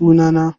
Sunana